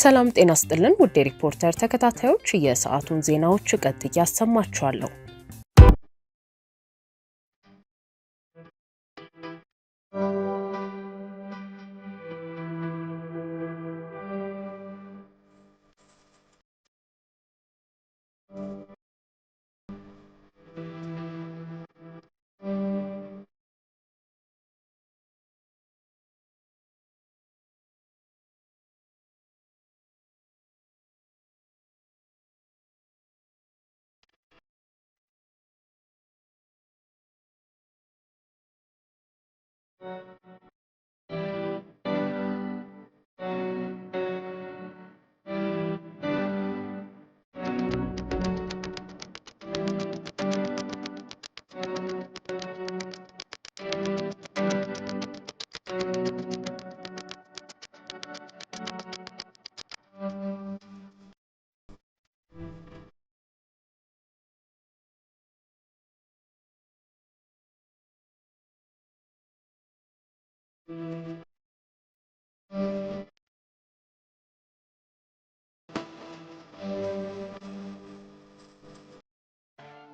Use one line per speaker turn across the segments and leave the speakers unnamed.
ሰላም ጤና ስጥልን ውድ ሪፖርተር ተከታታዮች፣ የሰዓቱን ዜናዎች ቀጥ እያሰማችኋለሁ። Thank you.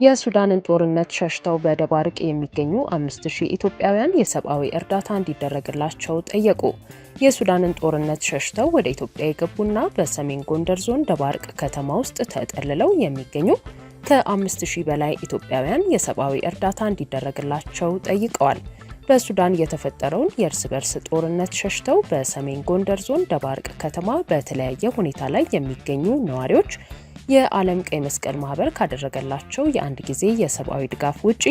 የሱዳንን ጦርነት ሸሽተው በደባርቅ የሚገኙ አምስት ሺህ ኢትዮጵያውያን የሰብአዊ እርዳታ እንዲደረግላቸው ጠየቁ። የሱዳንን ጦርነት ሸሽተው ወደ ኢትዮጵያ የገቡና በሰሜን ጎንደር ዞን ደባርቅ ከተማ ውስጥ ተጠልለው የሚገኙ ከአምስት ሺህ በላይ ኢትዮጵያውያን የሰብአዊ እርዳታ እንዲደረግላቸው ጠይቀዋል። በሱዳን የተፈጠረውን የእርስ በርስ ጦርነት ሸሽተው በሰሜን ጎንደር ዞን ደባርቅ ከተማ በተለያየ ሁኔታ ላይ የሚገኙ ነዋሪዎች የዓለም ቀይ መስቀል ማህበር ካደረገላቸው የአንድ ጊዜ የሰብአዊ ድጋፍ ውጪ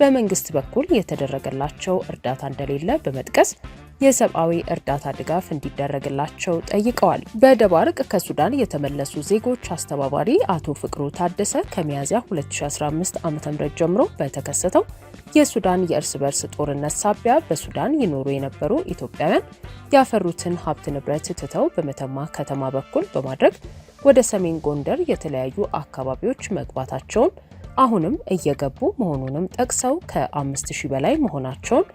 በመንግስት በኩል የተደረገላቸው እርዳታ እንደሌለ በመጥቀስ የሰብአዊ እርዳታ ድጋፍ እንዲደረግላቸው ጠይቀዋል። በደባርቅ ከሱዳን የተመለሱ ዜጎች አስተባባሪ አቶ ፍቅሩ ታደሰ ከሚያዝያ 2015 ዓ.ም ጀምሮ በተከሰተው የሱዳን የእርስ በርስ ጦርነት ሳቢያ በሱዳን ይኖሩ የነበሩ ኢትዮጵያውያን ያፈሩትን ሀብት ንብረት ትተው በመተማ ከተማ በኩል በማድረግ ወደ ሰሜን ጎንደር የተለያዩ አካባቢዎች መግባታቸውን አሁንም እየገቡ መሆኑንም ጠቅሰው ከ5000 በላይ መሆናቸውን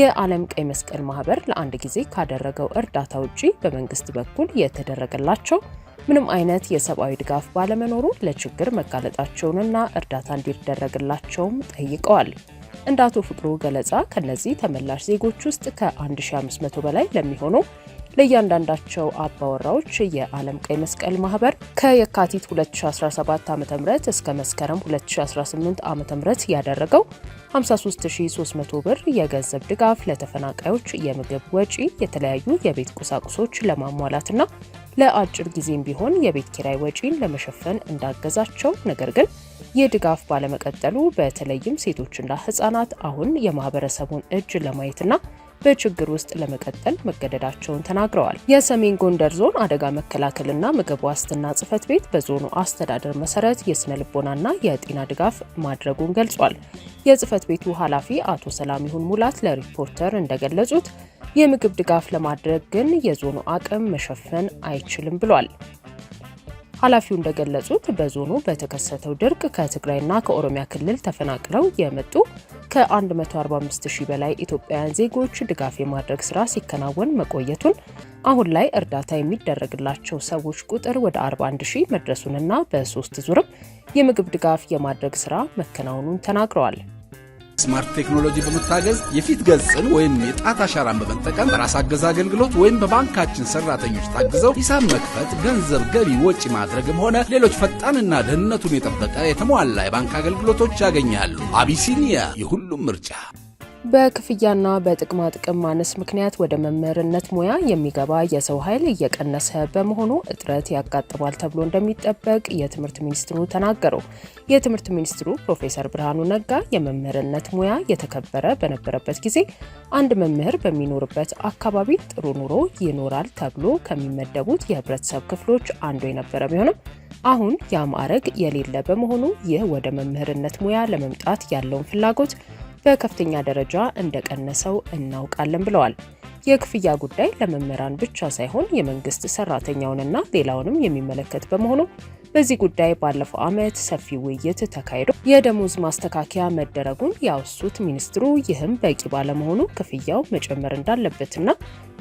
የዓለም ቀይ መስቀል ማህበር ለአንድ ጊዜ ካደረገው እርዳታ ውጪ በመንግስት በኩል የተደረገላቸው ምንም አይነት የሰብአዊ ድጋፍ ባለመኖሩ ለችግር መጋለጣቸውንና እርዳታ እንዲደረግላቸውም ጠይቀዋል። እንደ አቶ ፍቅሩ ገለጻ ከነዚህ ተመላሽ ዜጎች ውስጥ ከ1500 በላይ ለሚሆነው ለእያንዳንዳቸው አባወራዎች የዓለም ቀይ መስቀል ማህበር ከየካቲት 2017 ዓ ም እስከ መስከረም 2018 ዓ ም ያደረገው 53300 ብር የገንዘብ ድጋፍ ለተፈናቃዮች የምግብ ወጪ፣ የተለያዩ የቤት ቁሳቁሶች ለማሟላትና ለአጭር ጊዜም ቢሆን የቤት ኪራይ ወጪን ለመሸፈን እንዳገዛቸው ነገር ግን ይህ ድጋፍ ባለመቀጠሉ በተለይም ሴቶችና ህጻናት አሁን የማህበረሰቡን እጅ ለማየትና በችግር ውስጥ ለመቀጠል መገደዳቸውን ተናግረዋል። የሰሜን ጎንደር ዞን አደጋ መከላከልና ምግብ ዋስትና ጽህፈት ቤት በዞኑ አስተዳደር መሰረት የስነ ልቦናና የጤና ድጋፍ ማድረጉን ገልጿል። የጽህፈት ቤቱ ኃላፊ አቶ ሰላም ይሁን ሙላት ለሪፖርተር እንደገለጹት የምግብ ድጋፍ ለማድረግ ግን የዞኑ አቅም መሸፈን አይችልም ብሏል። ኃላፊው እንደገለጹት በዞኑ በተከሰተው ድርቅ ከትግራይና ከኦሮሚያ ክልል ተፈናቅለው የመጡ ከ 145000 በላይ ኢትዮጵያውያን ዜጎች ድጋፍ የማድረግ ስራ ሲከናወን መቆየቱን አሁን ላይ እርዳታ የሚደረግላቸው ሰዎች ቁጥር ወደ 41 ሺህ መድረሱንና በሶስት ዙርም የምግብ ድጋፍ የማድረግ ስራ መከናወኑን ተናግረዋል።
ስማርት ቴክኖሎጂ በመታገዝ የፊት ገጽን ወይም የጣት አሻራን በመጠቀም በራስ አገዝ አገልግሎት ወይም በባንካችን ሰራተኞች ታግዘው ሂሳብ መክፈት፣ ገንዘብ ገቢ ወጪ ማድረግም ሆነ ሌሎች ፈጣንና ደህንነቱን የጠበቀ የተሟላ የባንክ አገልግሎቶች ያገኛሉ። አቢሲኒያ የሁሉም ምርጫ
በክፍያና በጥቅማ ጥቅም ማነስ ምክንያት ወደ መምህርነት ሙያ የሚገባ የሰው ኃይል እየቀነሰ በመሆኑ እጥረት ያጋጥማል ተብሎ እንደሚጠበቅ የትምህርት ሚኒስትሩ ተናገሩ። የትምህርት ሚኒስትሩ ፕሮፌሰር ብርሃኑ ነጋ የመምህርነት ሙያ የተከበረ በነበረበት ጊዜ አንድ መምህር በሚኖርበት አካባቢ ጥሩ ኑሮ ይኖራል ተብሎ ከሚመደቡት የህብረተሰብ ክፍሎች አንዱ የነበረ ቢሆንም አሁን ያ ማዕረግ የሌለ በመሆኑ ይህ ወደ መምህርነት ሙያ ለመምጣት ያለውን ፍላጎት በከፍተኛ ደረጃ እንደቀነሰው እናውቃለን ብለዋል። የክፍያ ጉዳይ ለመምህራን ብቻ ሳይሆን የመንግስት ሰራተኛውንና ሌላውንም የሚመለከት በመሆኑ በዚህ ጉዳይ ባለፈው ዓመት ሰፊ ውይይት ተካሂዶ የደሞዝ ማስተካከያ መደረጉን ያወሱት ሚኒስትሩ ይህም በቂ ባለመሆኑ ክፍያው መጨመር እንዳለበትና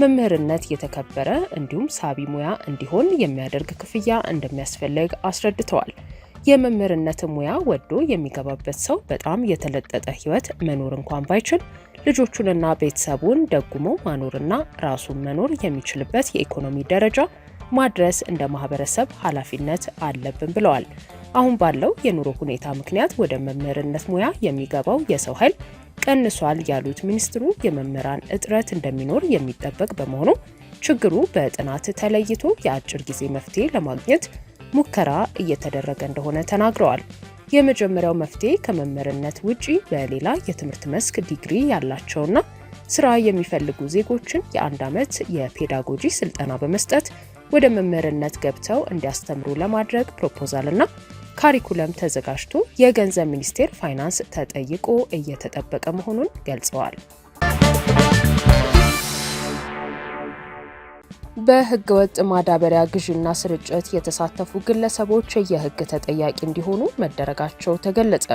መምህርነት የተከበረ እንዲሁም ሳቢ ሙያ እንዲሆን የሚያደርግ ክፍያ እንደሚያስፈልግ አስረድተዋል። የመምህርነት ሙያ ወዶ የሚገባበት ሰው በጣም የተለጠጠ ህይወት መኖር እንኳን ባይችል ልጆቹንና ቤተሰቡን ደጉሞ ማኖርና ራሱን መኖር የሚችልበት የኢኮኖሚ ደረጃ ማድረስ እንደ ማህበረሰብ ኃላፊነት አለብን ብለዋል። አሁን ባለው የኑሮ ሁኔታ ምክንያት ወደ መምህርነት ሙያ የሚገባው የሰው ኃይል ቀንሷል ያሉት ሚኒስትሩ የመምህራን እጥረት እንደሚኖር የሚጠበቅ በመሆኑ ችግሩ በጥናት ተለይቶ የአጭር ጊዜ መፍትሄ ለማግኘት ሙከራ እየተደረገ እንደሆነ ተናግረዋል። የመጀመሪያው መፍትሄ ከመምህርነት ውጪ በሌላ የትምህርት መስክ ዲግሪ ያላቸውና ስራ የሚፈልጉ ዜጎችን የአንድ ዓመት የፔዳጎጂ ስልጠና በመስጠት ወደ መምህርነት ገብተው እንዲያስተምሩ ለማድረግ ፕሮፖዛልና ካሪኩለም ተዘጋጅቶ የገንዘብ ሚኒስቴር ፋይናንስ ተጠይቆ እየተጠበቀ መሆኑን ገልጸዋል።
በህገወጥ ማዳበሪያ ግዥና ስርጭት የተሳተፉ ግለሰቦች የህግ ተጠያቂ እንዲሆኑ መደረጋቸው ተገለጸ።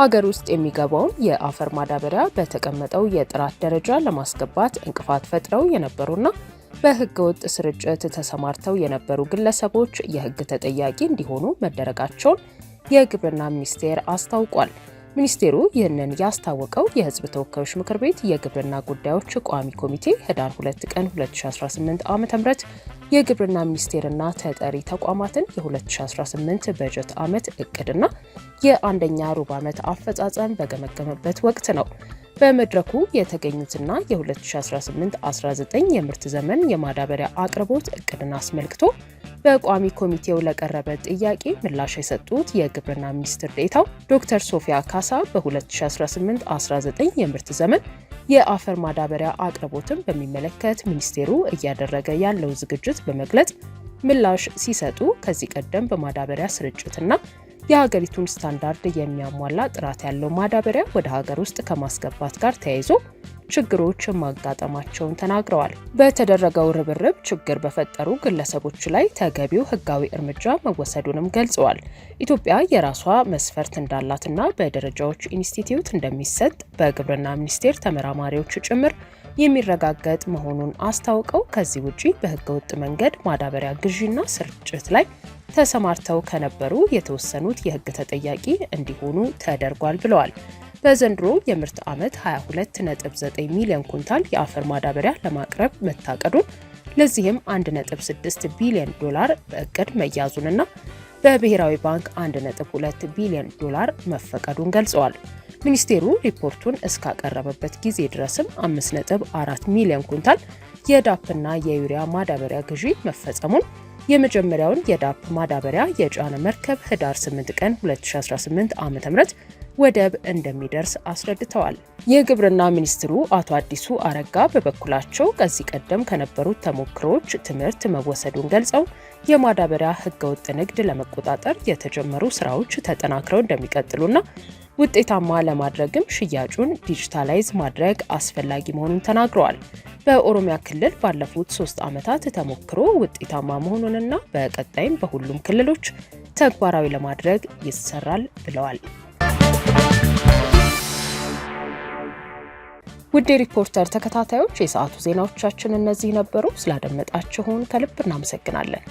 ሀገር ውስጥ የሚገባውን የአፈር ማዳበሪያ በተቀመጠው የጥራት ደረጃ ለማስገባት እንቅፋት ፈጥረው የነበሩና በህገወጥ ስርጭት ተሰማርተው የነበሩ ግለሰቦች የህግ ተጠያቂ እንዲሆኑ መደረጋቸውን የግብርና ሚኒስቴር አስታውቋል። ሚኒስቴሩ ይህንን ያስታወቀው የህዝብ ተወካዮች ምክር ቤት የግብርና ጉዳዮች ቋሚ ኮሚቴ ህዳር 2 ቀን 2018 ዓ ም የግብርና ሚኒስቴርና ተጠሪ ተቋማትን የ2018 በጀት ዓመት እቅድና የአንደኛ ሩብ ዓመት አፈጻጸም በገመገመበት ወቅት ነው። በመድረኩ የተገኙትና የ2018-19 የምርት ዘመን የማዳበሪያ አቅርቦት እቅድን አስመልክቶ በቋሚ ኮሚቴው ለቀረበ ጥያቄ ምላሽ የሰጡት የግብርና ሚኒስትር ዴታው ዶክተር ሶፊያ ካሳ በ2018/19 የምርት ዘመን የአፈር ማዳበሪያ አቅርቦትን በሚመለከት ሚኒስቴሩ እያደረገ ያለው ዝግጅት በመግለጽ ምላሽ ሲሰጡ ከዚህ ቀደም በማዳበሪያ ስርጭትና የሀገሪቱን ስታንዳርድ የሚያሟላ ጥራት ያለው ማዳበሪያ ወደ ሀገር ውስጥ ከማስገባት ጋር ተያይዞ ችግሮች ማጋጠማቸውን ተናግረዋል። በተደረገው ርብርብ ችግር በፈጠሩ ግለሰቦች ላይ ተገቢው ሕጋዊ እርምጃ መወሰዱንም ገልጸዋል። ኢትዮጵያ የራሷ መስፈርት እንዳላትና በደረጃዎች ኢንስቲትዩት እንደሚሰጥ በግብርና ሚኒስቴር ተመራማሪዎች ጭምር የሚረጋገጥ መሆኑን አስታውቀው ከዚህ ውጪ በህገወጥ መንገድ ማዳበሪያ ግዢና ስርጭት ላይ ተሰማርተው ከነበሩ የተወሰኑት የህግ ተጠያቂ እንዲሆኑ ተደርጓል ብለዋል። በዘንድሮ የምርት ዓመት 22.9 ሚሊዮን ኩንታል የአፈር ማዳበሪያ ለማቅረብ መታቀዱን ለዚህም 1.6 ቢሊዮን ዶላር በእቅድ መያዙንና በብሔራዊ ባንክ 1.2 ቢሊዮን ዶላር መፈቀዱን ገልጸዋል። ሚኒስቴሩ ሪፖርቱን እስካቀረበበት ጊዜ ድረስም 5.4 ሚሊዮን ኩንታል የዳፕና የዩሪያ ማዳበሪያ ግዢ መፈጸሙን የመጀመሪያውን የዳፕ ማዳበሪያ የጫነ መርከብ ህዳር 8 ቀን 2018 ዓ ም ወደብ እንደሚደርስ አስረድተዋል። የግብርና ሚኒስትሩ አቶ አዲሱ አረጋ በበኩላቸው ከዚህ ቀደም ከነበሩት ተሞክሮዎች ትምህርት መወሰዱን ገልጸው የማዳበሪያ ህገወጥ ንግድ ለመቆጣጠር የተጀመሩ ስራዎች ተጠናክረው እንደሚቀጥሉና ውጤታማ ለማድረግም ሽያጩን ዲጂታላይዝ ማድረግ አስፈላጊ መሆኑን ተናግረዋል። በኦሮሚያ ክልል ባለፉት ሶስት ዓመታት ተሞክሮ ውጤታማ መሆኑንና በቀጣይም በሁሉም ክልሎች ተግባራዊ ለማድረግ ይሰራል ብለዋል።
ውድ ሪፖርተር ተከታታዮች የሰዓቱ ዜናዎቻችን እነዚህ ነበሩ። ስላደመጣችሁን ከልብ እናመሰግናለን።